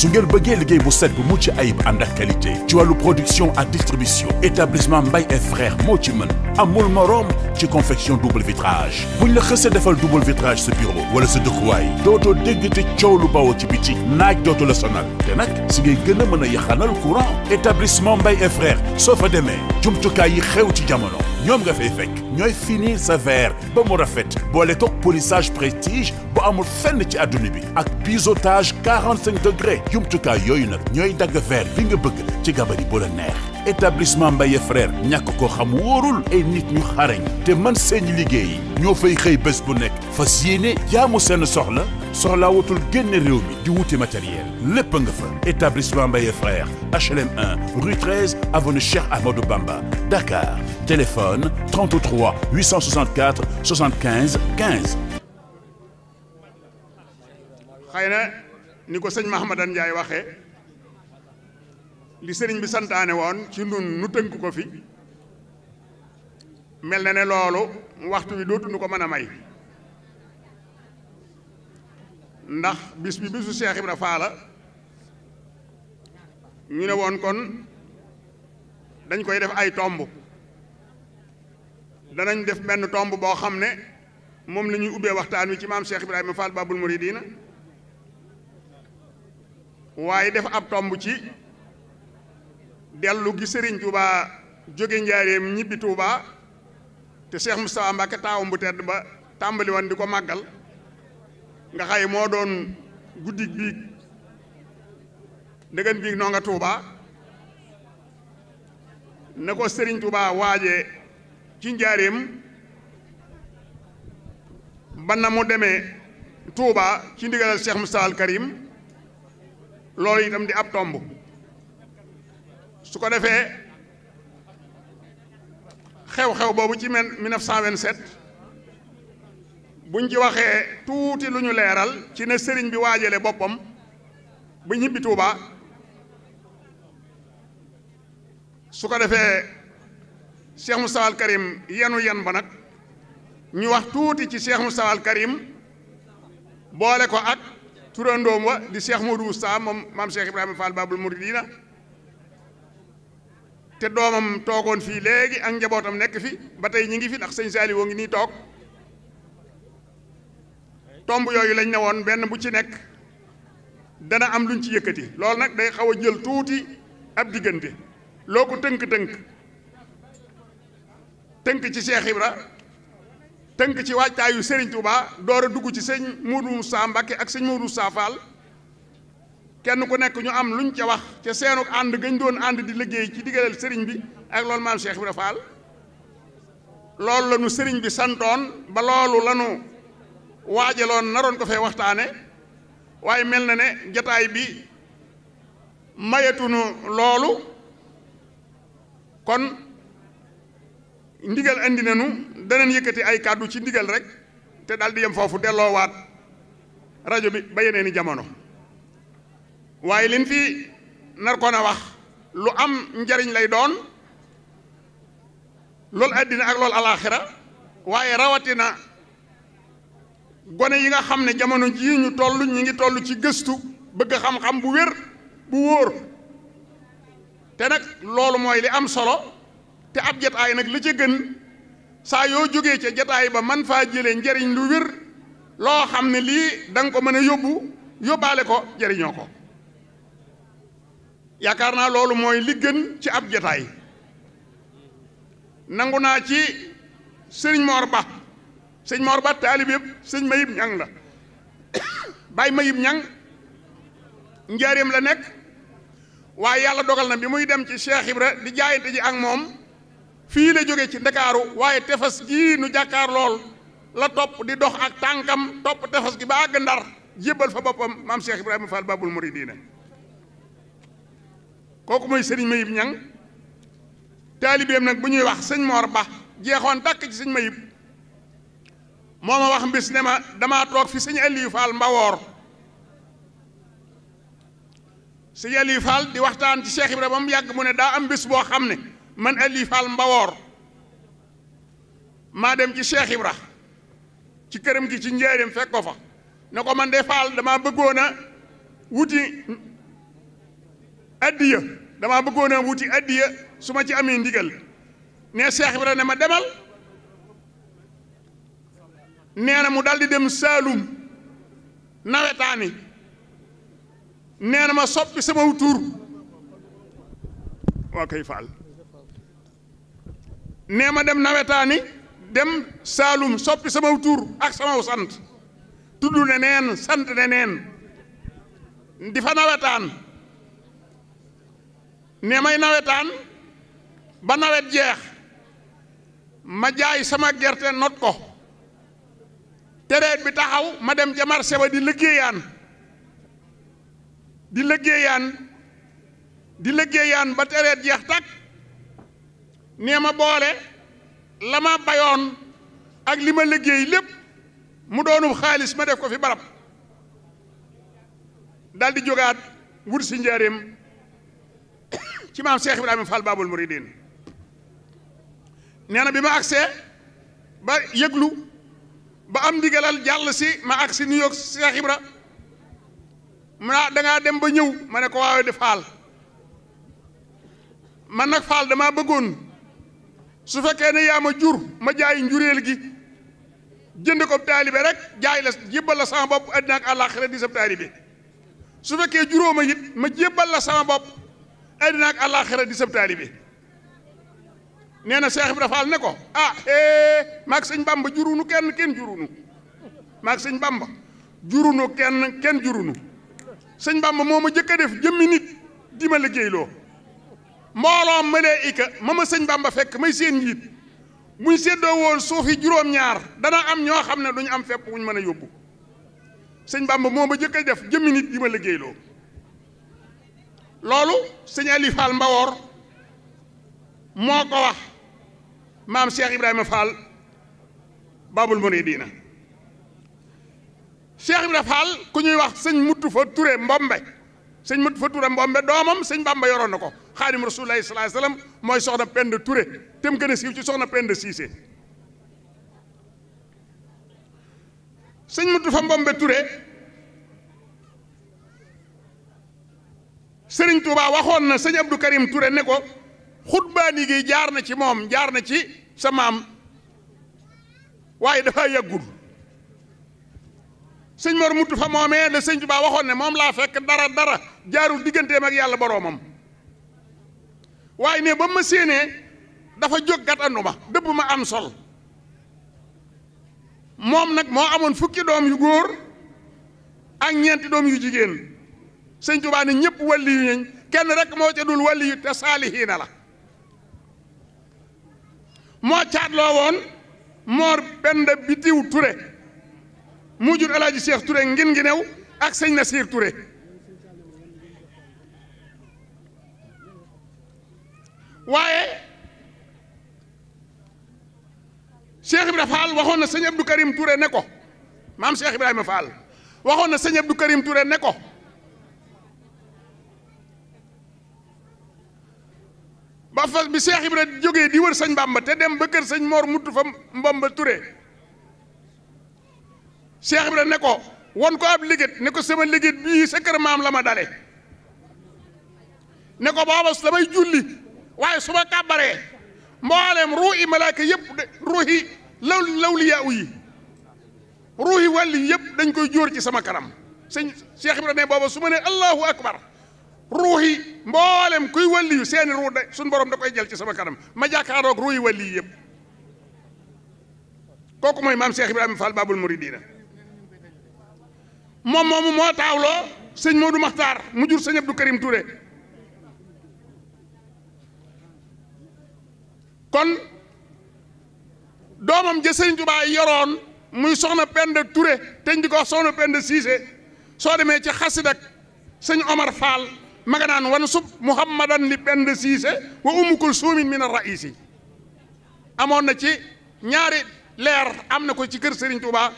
su ngeen bëggee liggéey bu set bu mucc ayib ànd ak qualité ci wàllu production ak distribution établissement Mbaye et frères moo ci mën a amul morom ci confection double vitrage buñ la xësee defal double vitrage sa bureau wala sa dëkkuwaay dootoo dégg te coow lu bawoo ci biti naaj dootu la sonal te nag si ngay gën a mën a yaxanal courant établissement Mbaye et frères soo fa demee jumtukaay yi xew ci jamono ñoom nga fay fekk ñooy finir sa ver ba mu rafet boole toog polissage prestige amul fenn ci adduna bi ak biseautage 45 degré jumtukaay yooyu nag ñooy dagg verre bi nga bëgg ci gabari bu la neex établissement Mbaye frère ñàkk ko xam wóorul ay nit ñu xarañ te man seeni liggéey yi ñoo fay xëy bés bu nekk fas yéene jaamu seen soxla soxlaa wutul génn réew mi di wuti matériel lépp nga fa établissement Mbaye frère HLM 1 rue 13 avenue Cheikh Amadou Bamba Dakar téléphone 33 864 75 15 xëy na ni ko sëñ Mahamadan Ndiaye waxe li sëriñ bi santaane woon ci nun nu tënk ko fi mel na ne loolu waxtu wi dootu nu ko mën a may ndax bis bi bisu Cheikh Ibra Faala ñu ne woon kon dañ koy def ay tomb danañ def benn tomb boo xam ne moom la ñuy ubbee waxtaan wi ci maam Cheikh Ibrahima Fall Babul Mouridina waaye def ab tomb ci dellu gi sëriñ Tuubaa jóge njaareem ñibbi Tuubaa te Cheikh Moustapha Mbacké taawam bu tedd ba tàmbali di ko màggal nga xay moo doon guddi biig ndëgën biig noo nga Tuubaa na ko sëriñ Tuubaa waaje ci njaareem ba na mu demee Tuubaa ci ndigalal Cheikh Moustapha Karim loolu itam di ab tomb su ko defee xew-xew boobu ci men 1927 buñ ci waxee tuuti lu ñu leeral ci ne sëriñ bi waajale boppam bu ñibbi Tuuba su ko defee Cheikh mu Al Karim yenu yen ba nag ñu wax tuuti ci Cheikh Moustapha Al Karim boole ko ak turandoom wa di Cheikh Modou Moustapha moom maam Cheikh Ibrahima Fall Babul Mouridina te doomam toogoon fii léegi ak njabootam nekk fi ba tey ñi ngi fi ndax sëñ Saali woo ngi nii toog tomb yooyu lañ ne woon benn bu ci nekk dana am luñ ci yëkkati loolu nag day xaw a jël tuuti ab diggante loo ko tënk-tënk tënk ci Cheikh Ibra tënk ci waajtaayu Serigne Touba door dugg ci sëñ Modou Moussa Mbacké ak sëñ Modou Moussa Fall kenn ku nekk ñu am luñ ca wax ca seenuk ànd gañ doon ànd di liggéey ci digaleel sëriñ bi ak loolu maam Cheikh Ibra Fall loolu la sëriñ bi santoon ba loolu la ñu waajaloon naroon ko fee waxtaane waaye mel na ne jataay bi mayatunu loolu kon ndigal indi na nañu danañ yëkkati ay kàddu ci ndigal rek te daal di yem foofu delloowaat rajo bi ba yeneeni jamono waaye liñ fi nar koon a wax lu am njariñ lay doon loolu àddina ak lool alaaxira waaye rawatina gone yi nga xam ne jamono jii ñu toll ñu ngi tollu ci gëstu bëgg xam-xam bu wér bu wóor te nag loolu mooy li am solo te ab jataay nag li ci gën saa yoo jógee ca jataay ba man faa jëlee njariñ lu wér loo xam ne lii danga ko mën a yóbbu yóbbaale ko jariñoo ko yaakaar naa loolu mooy li gën ci ab jataay nangu naa ci sëriñ Mor Ba sëñ Mor Ba taalib yëpp sëñ Mayib Ñang la Baay Mayib Ñang njaareem la nekk waaye yàlla dogal na bi muy dem ci Cheikh Ibra di jaayante ji ak moom fii la jóge ci ndakaaru waaye tefas gii nu jàkkaar lool la topp di dox ak tànkam topp tefes gi ba àgg ndar jébbal fa boppam maam Cheikh Ibrahima Fall Babul Muridiina kooku mooy sëriñ Mayib Ñang taalibeem nag bu ñuy wax sëñ Moor Ba jeexoon takk ci sëñ Mayib moo ma wax mbis ne ma damaa toog fi sëñ Aliou Fall Mbawoor sëñ Aliou di waxtaan ci Cheikh Ibrahima ba mu yàgg mu ne daa am mbis boo xam ne man Aliou Fall Mbawoor maa dem ci Cheikh Ibra ci këram gi ci njaareem fekk ko fa ne ko man de Fall damaa bëggoon a wuti addiya damaa bëggoon wuti àddiya su ma ci amee ndigal ne Cheikh ne ma demal nee na mu daldi dem Saalum nawetaani nee na ma soppi sama wutuur waa kay Fall nee ma dem nawetaani dem Saalum soppi sama tur ak sama sant tudd ne neen sant ne neen di fa nawetaan nee may nawetaan ba nawet jeex ma jaay sama gerte not ko tereet bi taxaw ma dem ca marché ba di liggéeyaan di liggéeyaan di liggéeyaan ba tereet jeex takk nee ma boole la ma bayoon ak li ma liggéey lépp mu doonum xaalis ma def ko fi barab daal di jógaat wut si njaareem ci maam Cheikh Ibrahima Fall Babul Mouridine nee na bi ma agsee ba yëglu ba am ndigalal jàll si ma agsi New York Cheikh Ibra ma dangaa dem ba ñëw ma ne ko waawe di Fall man nag Fall dama bëggoon su fekkee ne yaa ma jur ma jaay njureel gi jënd ko taalibe rek jaay la jébbal la sama bopp àddina ak àllaaxira di sa taalibe su fekkee juróoma it ma jébbal la sama bopp àddina ak àllaaxira di sa taalibe nee na Seex Ibra Faal ne ko ah eh maag sëñ Bamba jurunu kenn kenn jurunu maag sëñ Bamba jurunu kenn kenn jurunu sëñ Bamba moo ma jëkk a def jëmmi nit di ma liggéeyloo mbooloo mëlee ika ma ma sëñ Bamba fekk may seen njiit muy séddoo woon suufi juróom-ñaar dana am ñoo xam ne duñ am fepp wuñ mën a yóbbu sëñ Bamba moo ma jëkk a def jëmmi nit yi ma liggéeyloo loolu sëñ Ali Fall Mbawoor moo ko wax maam Cheikh Ibrahima Fall Babul Muridiina Cheikh Ibrahima Fall ku ñuy wax sëñ Muttu fa Touré Mbombe sëñ Muttu fa Touré Mbombe doomam sëñ Bamba yoroon na ko xaadim rasulullahi sallallahu alayhi mooy soxna Penda Touré te mu gën a siiw ci soxna Penda Cissé sëñ Mutu fa Mbombe Touré sëriñ Touba waxoon na sëñ Abdou Karim Touré ne ko xutbaani gi jaar na ci moom jaar na ci sa maam waaye dafa yàggul sëñ Mor Mutu fa moomee la sëñ Touba waxoon ne moom laa fekk dara dara jaarul digganteem ak yàlla boroomam waaye ne ba ma séenee dafa jóg gat ma dëbb ma am sol moom nag moo amoon fukki doom yu góor ak ñeenti doom yu jigéen sëñ Tuubaa ne ñëpp wàlli yu ñeñ kenn rek moo ca dul wàlli yu te saalihiina la moo caatloo woon moor benn bitiw Touré mu jur alaaji Seex Touré ngin ngi new ak sëñ Nasiir Touré waaye Cheikh Ibra Fall waxoon na sëñ Abdou Karim Touré ne ko maam Cheikh Ibrahima Fall waxoon na sëñ Abdou Karim Touré ne ko ba fa bi Cheikh Ibra jógee di wër sëñ Bamba te dem ba kër sañ Mor Muttu fa Mbamba Touré Cheikh Ibra nekko won ko ab liggéey nekko sama liggéey bii sa kër maam la ma dale ne ko booba damay julli waaye su ma kàbbaree mbooleem ruu i malaaka yëpp ruuxi law lawliyaa yi ruuxi wàll yi yëpp dañ koy jóor ci sama kanam sëñ Cheikh Ibrahima ne booba su ma ne allahu akbar ruuxi mboolem kuy wàll yu seeni ruu da suñ borom da koy jël ci sama kanam ma jàkkaaroog ruuxi wàll yi yëpp kooku mooy maam Cheikh Ibrahima Fall Babul Mouridina moom moomu moo taawloo sëñ Modou Makhtar mu jur sëñ Abdou Karim Touré kon doomam ja Sëriñ Tuubaa yoroon muy soxna Penda Touré teñ di ko wax soxna Penda Cissé soo demee ci xasid ak sëñ Omar Fall ma nga naan wan sub muhammadan li Penda Cissé wa umu kulsuumin min ar-raisi amoon na ci ñaari leer am na ko ci kër Sëriñ Tuubaa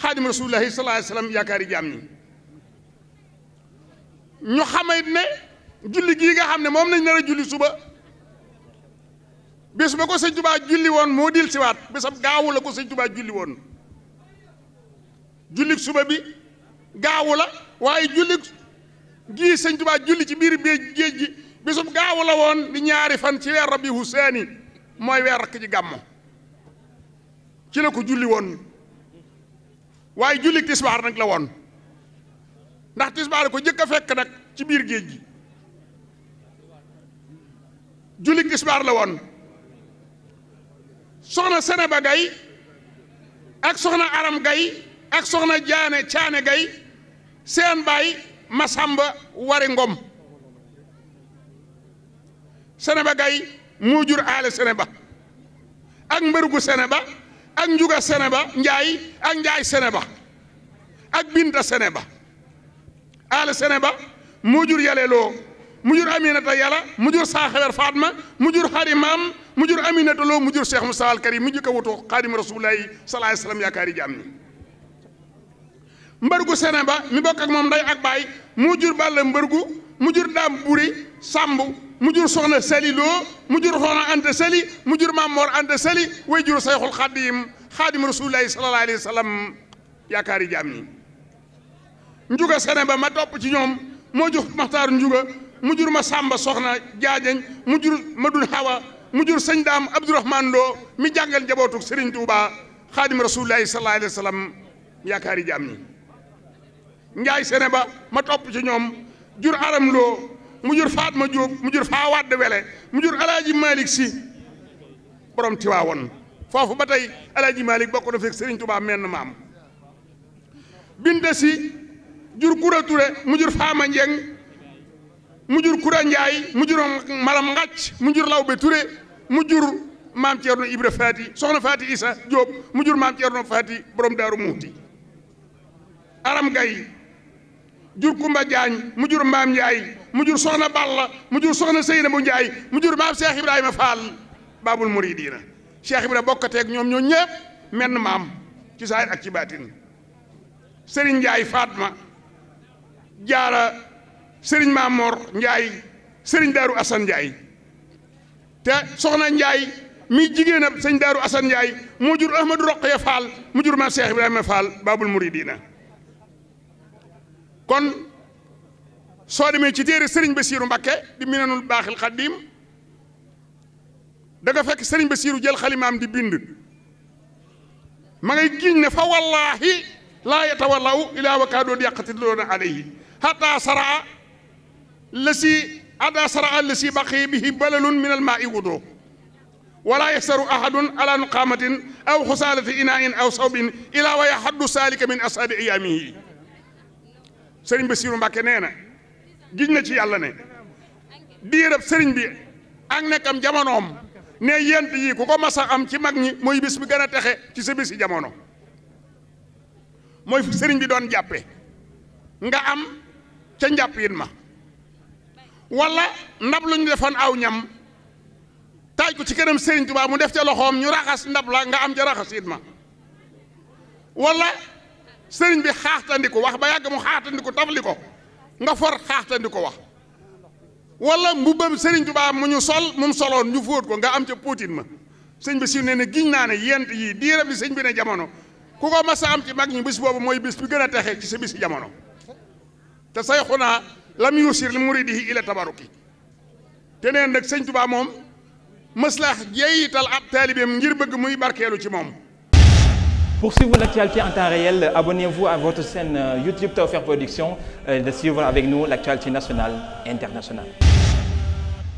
xaadim rasulillahi sallallahu alayhi wasallam yaakaari jaam ñi ñu xamay ne julli gii nga xam ne moom nañ nar a julli suba bis ko sëñ tubaa julli woon moo dil siwaat bisam gaawu ko sëñ tubaa julli woon jullik suba bi waaye jullik gii sëñ tubaa julli ci biir bee géej gi bisum gaawu woon di ñaari fan ci weer rabi huseeni mooy weer rakk ji gàmmo ci la ko julli woon waaye jullik tisbaar nag la woon ndax tisbaar ko jëkk fekk nag ci biir géej gi jullik tisbaar la woon soxna Seneba Gay ak soxna Aram Gay ak soxna Jaane Caane Gay seen baay Masamba Wari Ngom Seneba Gay moo jur aale Seneba ak mbërgu Seneba ak njuga Seneba Njaay ak Njaay Seneba ak Binta Seneba aale Seneba moo yale loo mu jur Aminata yàlla mu jur Saaxewer Fatma mu jur Xari Maam mu jur Aminata Lo mu jur Cheikh Moussa Karim mu jëkk a wutu xaadim rasulullahi sallallahu alayhi wasallam yaakaari jaam ni mbërgu Seneba mi bokk ak moom nday ak baay mu jur Balla mbërgu mu jur Daam Buri Sàmb mu jur Soxna Sali Lo mu jur Soxna Anta Sali mu jur Maam Mor Anta Sali way jur Sayxul Xaadim xaadim rasulullahi sallallahu alayhi yaakaari jaam ni njuga Seneba ma topp ci ñoom moo jox Maxtaar njuga mu jur ma Sàmba Soxna Jaajañ mu jur ma dun Hawa mu jur sëñ daam Abdourahmane Lo mi jàngal njabootu Serigne Touba xaadim rasulullahi sallallahu alayhi wa sallam jaam ñi Njaay sene ba ma topp ci ñoom jur aram loo mu jur ma Diop mu jur faa wadd wele mu jur alaaji Malick si borom Tiwaawoon foofu ba alaaji Malick bokk na fekk Serigne Touba menn maam Binde si jur Kura Ture mu jur Faama Njeng mu jur Kura Njaay mu jur maram ngàcc mu jur Lawbe Ture mu jur maam Thierno Ibra Faty soxna Faty Issa Diop mu jur maam Thierno Faty borom Daaru Muuti Aram Gay jur Kumba Jaañ mu jur maam Njaay mu jur soxna Balla mu jur soxna Seynabu Njaay mu jur maam Cheikh Ibrahima Fall Baabul Muridiina Cheikh Ibrahima bokkateeg ñoom ñoo ñëpp menn maam ci saayir ak ci baatin Serigne Ndiaye Fatma jaara Serigne Mamor Ndiaye Serigne Daaru Assane Ndiaye te soxna Njaay mi jigéen ab sëñ Daaru Asan Njaay moo jur Ahmadou Roqaya Fall mu jur maam Cheikh Ibrahima Fall Baabul Muridina kon soo demee ci téere Serigne Bassirou Mbakke di Minanul Baaxil Xaddiim da nga fekk Serigne Bassirou jël xalimaam di bind ma ngay ne fa wallaahi laa yatawallaw ilaa wa kaadoo di yàqati loona alayhi saraa la ada sara allasi baqiya bihi balalun min almaai wudu wala yasaru ahadun ala nuqamatin aw xusaalati inain aw sawbin ila wa yaxaddu saalika min asaabi iyaamihi sëriñ Basiiru Mbàkke nee na giñ na ci yàlla ne diirab sëriñ bi ak nekkam jamonoom ne yent yi ku ko mas am ci mag ñi mooy bis bi gën texe ci sa bisi jamono mooy sëriñ bi doon jàppe nga am ca njàpp yin ma wala ndab lu ñu defoon aw ñam taaj ko ci këram Sëriñ Tuubaa mu def ca loxoom ñu raxas ndab la nga am ca raxasit ma wala sëriñ bi xaaxtandiku wax ba yàgg mu xaaxtandiku tafli ko nga for xaaxtandiku wax wala mbubbam Sëriñ Tuubaa mu ñu sol mu soloon ñu fóot ko nga am ca póotin ma sëñ bi si ne ne giñ naa ne yent yi diiram li sëñ bi ne jamono ku ko mas am ci mag ñi bis boobu mooy bis bi gën a texe ci sa bisi jamono te say xunaa lam yusir li muridihi ila tabaruki te neen nag sëñ Tuubaa moom mës la yeeyital ab taalibeem ngir bëgg muy barkeelu ci moom Pour suivre l'actualité en temps réel, abonnez-vous à votre chaîne euh, YouTube Tawfekh Production euh, et de suivre avec nous l'actualité nationale et internationale.